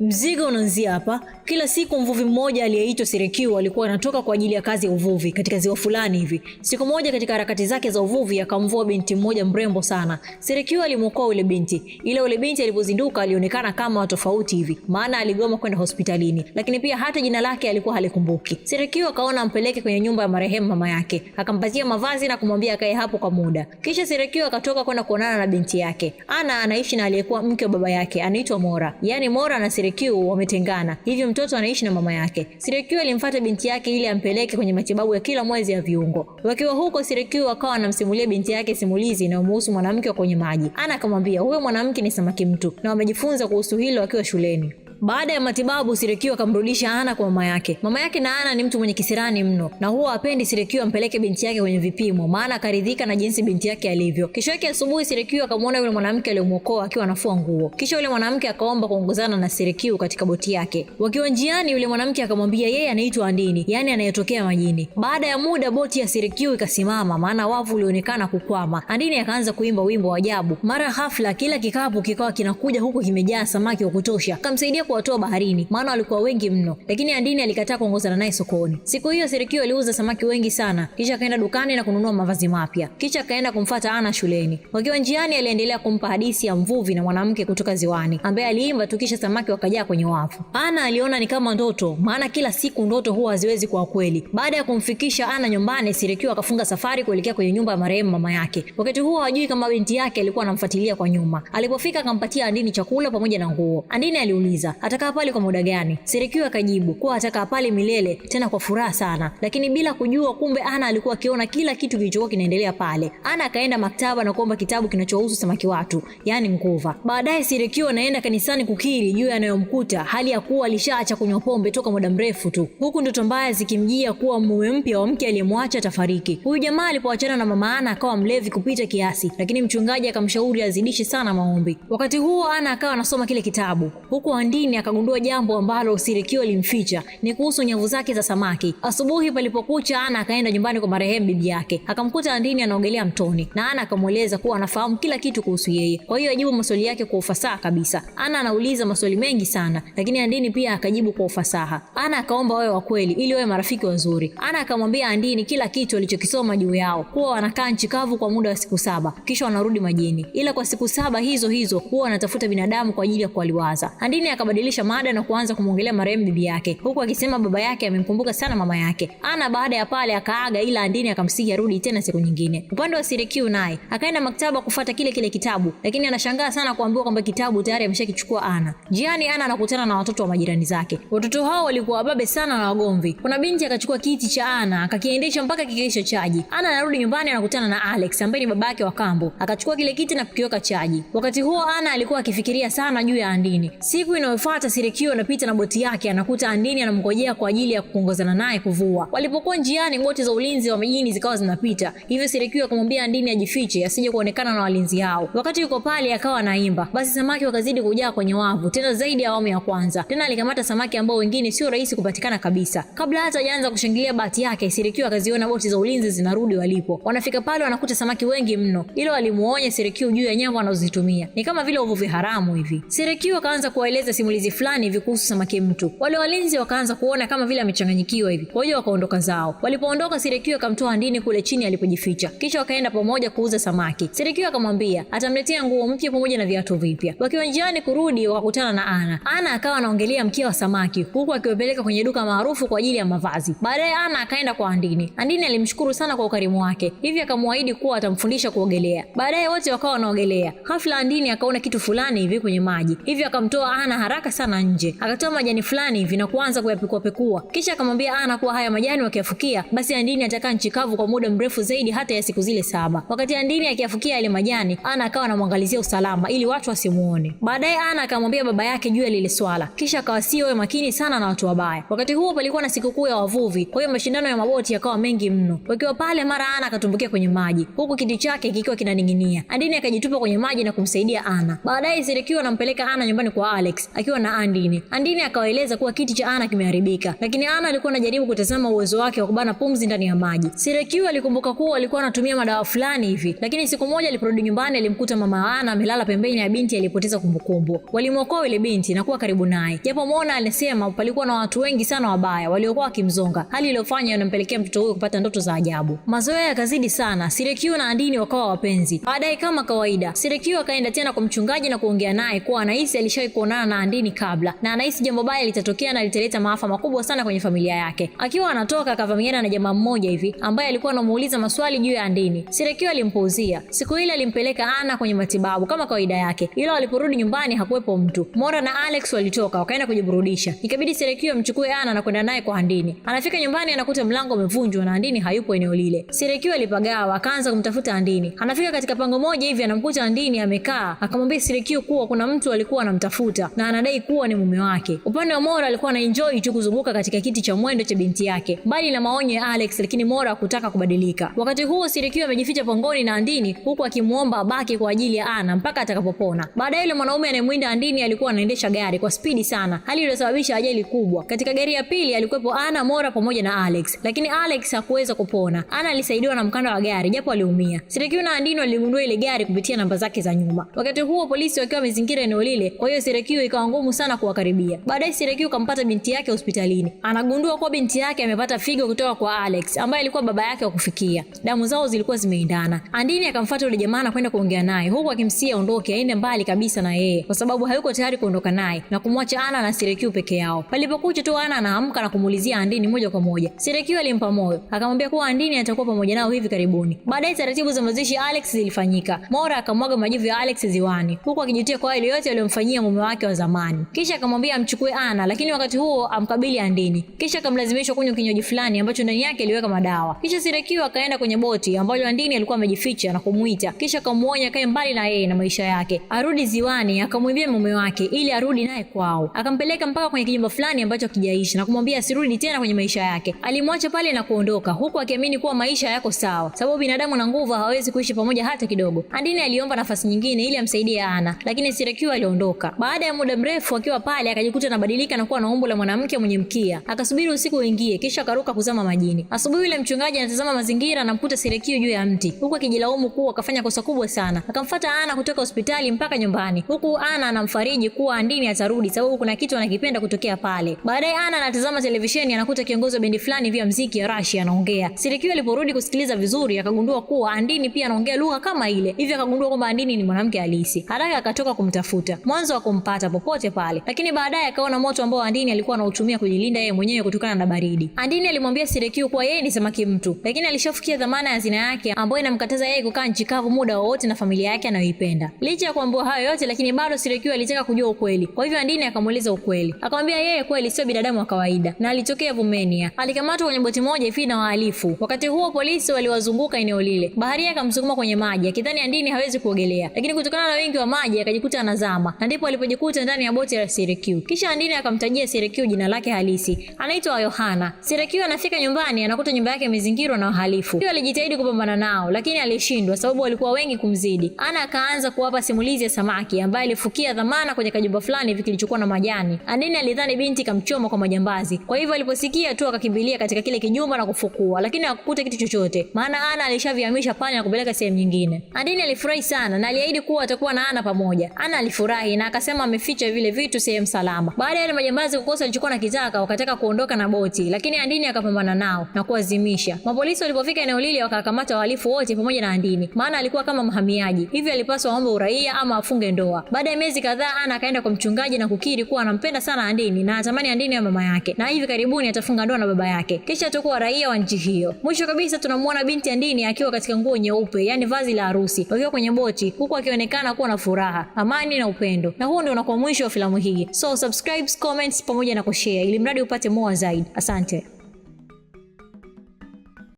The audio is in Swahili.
Mzigo unaanzia hapa. Kila siku mvuvi mmoja aliyeitwa Sirikiu alikuwa anatoka kwa ajili ya kazi ya uvuvi katika ziwa fulani hivi. Siku moja katika harakati zake za uvuvi akamvua binti mmoja mrembo sana. Sirikiu alimwokoa ule binti. Ila ule binti alipozinduka alionekana kama tofauti hivi, maana aligoma kwenda hospitalini, lakini pia hata jina lake alikuwa halikumbuki. Sirikiu akaona ampeleke kwenye nyumba ya marehemu mama yake, akampatia mavazi na kumwambia akae hapo kwa muda. Kisha Sirikiu akatoka kwenda kuonana na binti yake. Ana anaishi na aliyekuwa mke wa baba yake, anaitwa Mora. Yaani Mora na Sirikiu Serial wametengana, hivyo mtoto anaishi na mama yake. Serial alimfuata binti yake ili ampeleke kwenye matibabu ya kila mwezi ya viungo. Wakiwa huko, Serial akawa anamsimulia binti yake simulizi inayomhusu mwanamke wa kwenye maji. Ana akamwambia huyo mwanamke ni samaki mtu, na wamejifunza kuhusu hilo wakiwa shuleni. Baada ya matibabu, Sirikiu akamrudisha Ana kwa mama yake. Mama yake na Ana ni mtu mwenye kisirani mno na huwa hapendi Sirikiu ampeleke binti yake kwenye vipimo, maana akaridhika na jinsi binti yake alivyo. Kesho yake asubuhi, Sirikiu akamwona yule mwanamke aliyomwokoa akiwa anafua nguo, kisha yule mwanamke akaomba kuongozana na Sirikiu katika boti yake. Wakiwa njiani, yule mwanamke akamwambia yeye anaitwa Andini, yani anayetokea majini. Baada ya muda, boti ya Sirikiu ikasimama, maana wavu ulionekana kukwama. Andini akaanza kuimba wimbo wa ajabu. Mara hafla, kila kikapu kikawa kinakuja huku kimejaa samaki wa kutosha. Akamsaidia kuwatoa baharini, maana walikuwa wengi mno, lakini Andini alikataa kuongozana naye sokoni. Siku hiyo Sirikio aliuza samaki wengi sana, kisha akaenda dukani na kununua mavazi mapya, kisha akaenda kumfata Ana shuleni. Wakiwa njiani, aliendelea kumpa hadithi ya mvuvi na mwanamke kutoka ziwani ambaye aliimba tu, kisha samaki wakajaa kwenye wavu. Ana aliona ni kama ndoto, maana kila siku ndoto huwa haziwezi kuwa kweli. Baada ya kumfikisha Ana nyumbani, Sirikio akafunga safari kuelekea kwenye nyumba ya marehemu mama yake. Wakati huo hajui kama binti yake alikuwa anamfuatilia kwa nyuma. Alipofika akampatia Andini chakula pamoja na nguo. Andini aliuliza atakaa pale kwa muda gani? Sirikiwa akajibu kuwa atakaa pale milele, tena kwa furaha sana, lakini bila kujua kumbe Ana alikuwa akiona kila kitu kilichokuwa kinaendelea pale. Ana akaenda maktaba na kuomba kitabu kinachohusu samaki watu, yani nguva. Baadaye Sirikiwa anaenda kanisani kukiri juu yanayomkuta, hali ya kuwa alishaacha kunywa pombe toka muda mrefu tu, huku ndoto mbaya zikimjia kuwa mume mpya wa mke aliyemwacha atafariki. Huyu jamaa alipoachana na mama Ana akawa mlevi kupita kiasi, lakini mchungaji akamshauri azidishe sana maombi. Wakati huo Ana akawa anasoma kile kitabu huku andini lakini akagundua jambo ambalo Sirikio limficha ni kuhusu nyavu zake za samaki. Asubuhi palipokucha, Ana akaenda nyumbani kwa marehemu bibi yake, akamkuta Andini anaogelea mtoni, na Ana akamweleza kuwa anafahamu kila kitu kuhusu yeye, kwa hiyo ajibu maswali yake kwa ufasaha kabisa. Ana anauliza maswali mengi sana, lakini Andini pia akajibu kwa ufasaha. Ana akaomba wawe wa kweli ili wawe marafiki wazuri. Ana akamwambia Andini kila kitu alichokisoma juu yao, kuwa wanakaa nchi kavu kwa muda wa siku saba kisha wanarudi majini, ila kwa siku saba hizo hizo huwa wanatafuta binadamu kwa ajili ya kuwaliwaza. Andini akabadilisha mada na kuanza kumwongelea marehemu bibi yake, huku akisema baba yake amemkumbuka sana mama yake. Ana baada ya pale akaaga, ila Andini akamsihi arudi tena siku nyingine. Upande wa Sirikiu naye akaenda maktaba kufata kile kile kitabu, lakini anashangaa sana kuambiwa kwamba kitabu tayari ameshakichukua Ana. Jiani Ana anakutana na watoto wa majirani zake. Watoto hao walikuwa wababe sana na wagomvi. Kuna binti akachukua kiti cha Ana akakiendesha mpaka kikaisha chaji. Ana anarudi nyumbani, anakutana na Alex ambaye ni baba yake wa kambo, akachukua kile kiti na kukiweka chaji. Wakati huo Ana alikuwa akifikiria sana juu ya Andini. Siku inayo Aliyemfuata Sirikio anapita na boti yake, anakuta Andini anamngojea kwa ajili ya kuongozana naye kuvua. Walipokuwa njiani, boti za ulinzi wa majini zikawa zinapita, hivyo Sirikio akamwambia Andini ajifiche asije kuonekana na walinzi hao. Wakati yuko pale, akawa anaimba, basi samaki wakazidi kujaa kwenye wavu, tena zaidi ya awamu ya kwanza. Tena alikamata samaki ambao wengine sio rahisi kupatikana kabisa. Kabla hata hajaanza kushangilia bahati yake, Sirikio akaziona boti za ulinzi zinarudi walipo. Wanafika pale, wanakuta samaki wengi mno. ilo alimuonya Sirikio juu ya nyama wanazozitumia, ni kama vile uvuvi haramu hivi. Sirikio akaanza kuwaeleza simu simulizi fulani hivi kuhusu samaki mtu. Wale walinzi wakaanza kuona kama vile amechanganyikiwa hivi, kwa hiyo wakaondoka zao. Walipoondoka, Sirikio akamtoa ndini kule chini alipojificha, kisha wakaenda pamoja kuuza samaki. Sirikio akamwambia atamletea nguo mpya pamoja na viatu vipya. Wakiwa njiani kurudi, wakakutana na Ana. Ana akawa anaongelea mkia wa samaki huku akiwapeleka kwenye duka maarufu kwa ajili ya mavazi. Baadaye Ana akaenda kwa Andini. Andini alimshukuru sana kwa ukarimu wake, hivi akamwahidi kuwa atamfundisha kuogelea. Baadaye wote wakawa wanaogelea. Ghafla Andini akaona kitu fulani hivi kwenye maji, hivyo akamtoa Ana haraka haraka sana nje. Akatoa majani fulani hivi na kuanza kuyapekuapekua, kisha akamwambia Ana kuwa haya majani wakiyafukia basi Andini atakaa nchi kavu kwa muda mrefu zaidi hata ya siku zile saba. Wakati Andini akiyafukia yale majani, Ana akawa anamwangalizia usalama ili watu wasimuone. Baadaye Ana akamwambia baba yake juu ya lile swala, kisha akawasiowe makini sana na watu wabaya. Wakati huo palikuwa na sikukuu ya wavuvi, kwa hiyo mashindano ya maboti yakawa mengi mno. Wakiwa pale, mara Ana akatumbukia kwenye maji huku kiti chake kikiwa kinaning'inia. Andini akajitupa kwenye maji na kumsaidia Ana. Baadaye Sirikiwa anampeleka Ana nyumbani kwa Alex akiwa na Andini. Andini akawaeleza kuwa kiti cha Ana kimeharibika, lakini Ana alikuwa anajaribu kutazama uwezo wake wa kubana pumzi ndani ya maji. Sirekiu alikumbuka kuwa alikuwa anatumia madawa fulani hivi, lakini siku moja aliporudi nyumbani alimkuta mama Ana amelala pembeni ya binti aliyepoteza kumbukumbu. Walimwokoa ile binti na kuwa karibu naye, japo Mona alisema palikuwa na watu wengi sana wabaya waliokuwa wakimzonga, hali iliyofanya inampelekea mtoto huyo kupata ndoto za ajabu. Mazoea yakazidi sana, Sirekiu na Andini wakawa wapenzi. Baadaye kama kawaida, Sirekiu akaenda tena kwa mchungaji na kuongea naye kuwa anahisi alishawahi kuonana na Andini arobaini kabla, na anahisi jambo baya litatokea na litaleta maafa makubwa sana kwenye familia yake. Akiwa anatoka akavamiana na jamaa mmoja hivi ambaye alikuwa anamuuliza maswali juu ya andini. Sirekio alimpuuzia. Siku ile alimpeleka Ana kwenye matibabu kama kawaida yake, ila waliporudi nyumbani hakuwepo mtu. Mora na Alex walitoka wakaenda kujiburudisha, ikabidi Sirekio amchukue Ana na kwenda naye kwa andini. Anafika nyumbani anakuta mlango umevunjwa na andini hayupo eneo lile. Sirekio alipagawa akaanza kumtafuta andini. Anafika katika pango moja hivi anamkuta andini amekaa, akamwambia Sirekio kuwa kuna mtu alikuwa anamtafuta na anadai anadai kuwa ni mume wake. Upande wa Mora alikuwa anaenjoy tu kuzunguka katika kiti cha mwendo cha binti yake, mbali na maonyo ya Alex, lakini Mora hakutaka kubadilika. Wakati huo Sirikiwa amejificha pangoni na Andini huku akimwomba abaki kwa ajili ya Ana mpaka atakapopona. Baadaye yule mwanaume anayemwinda Andini alikuwa anaendesha gari kwa spidi sana, hali iliyosababisha ajali kubwa. Katika gari ya pili alikuwepo Ana, Mora pamoja na Alex, lakini Alex hakuweza kupona. Ana alisaidiwa na mkanda wa gari japo aliumia. Sirikiwa na Andini waligundua ile gari kupitia namba zake za nyuma. Wakati huo polisi wakiwa wamezingira eneo lile, kwa hiyo Sirikiwa ikawa ngumu sana kuwakaribia. Baadaye Siraki kampata binti yake hospitalini, anagundua kuwa binti yake amepata figo kutoka kwa Alex ambaye alikuwa baba yake wa kufikia. Damu zao zilikuwa zimeendana. Andini akamfuata yule jamaa na kwenda kuongea naye, huku akimsia aondoke, aende mbali kabisa na yeye, kwa sababu hayuko tayari kuondoka naye na kumwacha Ana na Siraki peke yao. Palipokucha tu, Ana anaamka na kumuulizia Andini moja kwa moja. Siraki alimpa moyo, akamwambia kuwa Andini atakuwa pamoja nao hivi karibuni. Baadaye taratibu za mazishi Alex zilifanyika. Mora akamwaga majivu ya Alex ziwani, huku akijutia kwa yale yote aliyomfanyia mume wake wa zamani. Othmani, kisha akamwambia amchukue Ana, lakini wakati huo amkabili Andini, kisha akamlazimishwa kunywa kinywaji fulani ambacho ndani yake aliweka madawa. Kisha Sirekio akaenda kwenye boti ambayo Andini alikuwa amejificha na kumwita, kisha akamwonya kae mbali na yeye na maisha yake, arudi ziwani. Akamwambia mume wake ili arudi naye kwao, akampeleka mpaka kwenye kijumba fulani ambacho hakijaishi na kumwambia asirudi tena kwenye maisha yake. Alimwacha pale na kuondoka, huku akiamini kuwa maisha yako sawa, sababu binadamu na nguvu hawawezi kuishi pamoja hata kidogo. Andini aliomba nafasi nyingine ili amsaidie Ana, lakini Sirekio aliondoka baada ya muda mrefu mrefu akiwa pale akajikuta anabadilika na kuwa na umbo la mwanamke mwenye mkia. Akasubiri usiku uingie, kisha akaruka kuzama majini. Asubuhi ile mchungaji anatazama mazingira, anamkuta Serekio juu ya mti, huku akijilaumu kuwa akafanya kosa kubwa sana. Akamfuata Ana kutoka hospitali mpaka nyumbani, huku Ana anamfariji kuwa andini atarudi, sababu kuna kitu anakipenda kutokea pale. Baadaye Ana anatazama televisheni, anakuta kiongozi wa bendi fulani vya mziki ya Rashi anaongea. Serekio aliporudi kusikiliza vizuri, akagundua kuwa andini pia anaongea lugha kama ile, hivyo akagundua kwamba andini ni mwanamke halisi. Haraka akatoka kumtafuta, mwanzo akumpata popote popote pale, lakini baadaye akaona moto ambao Andini alikuwa anautumia kujilinda yeye mwenyewe kutokana na baridi. Andini alimwambia Sirekiu kuwa yeye ni samaki mtu, lakini alishafikia dhamana ya hazina yake ambayo inamkataza yeye kukaa nchi kavu muda wowote na familia yake anayoipenda. Licha ya kuambiwa hayo yote, lakini bado Sirekiu alitaka kujua ukweli, kwa hivyo Andini akamuuliza ukweli, akamwambia yeye kweli sio binadamu wa kawaida na alitokea Vumenia, alikamatwa kwenye boti moja ifi na wahalifu. Wakati huo polisi waliwazunguka eneo lile, baharia akamsukuma kwenye maji akidhani Andini hawezi kuogelea, lakini kutokana na wingi wa maji akajikuta anazama, na ndipo alipojikuta ndani ya ya boti la Sirikiu. Kisha Andini akamtajia Sirikiu jina lake halisi, anaitwa Yohana. Sirikiu anafika nyumbani, anakuta nyumba yake imezingirwa na wahalifu. Sirikiu alijitahidi kupambana nao, lakini alishindwa sababu walikuwa wengi kumzidi. Ana akaanza kuwapa simulizi ya samaki ambaye alifukia dhamana kwenye kajumba fulani hivi kilichokuwa na majani. Andini alidhani binti kamchoma kwa majambazi, kwa hivyo aliposikia tu akakimbilia katika kile kijumba na kufukua, lakini hakukuta kitu chochote, maana Ana alishavihamisha panya na kupeleka sehemu nyingine. Andini alifurahi sana na aliahidi kuwa atakuwa na Ana pamoja. Ana alifurahi na akasema ameficha vile vitu sehemu salama. Baada ya majambazi kukosa alichokuwa kitaka wakataka kuondoka na boti, lakini Andini akapambana nao na kuwazimisha. Mapolisi walipofika eneo lile, wakakamata wahalifu wote pamoja na Andini, maana alikuwa kama mhamiaji hivyo, alipaswa aombe uraia ama afunge ndoa. Baada ya miezi kadhaa, Ana akaenda kwa mchungaji na kukiri kuwa anampenda sana Andini na anatamani Andini ya mama yake na hivi karibuni atafunga ndoa na baba yake, kisha atakuwa raia wa nchi hiyo. Mwisho kabisa, tunamwona binti Andini akiwa katika nguo nyeupe, yani vazi la harusi, wakiwa kwenye boti, huku akionekana kuwa na furaha, amani na upendo, na huo ndio unakuwa mwisho filamu hii. So subscribe, comments pamoja na kushare ili mradi upate more zaidi. Asante.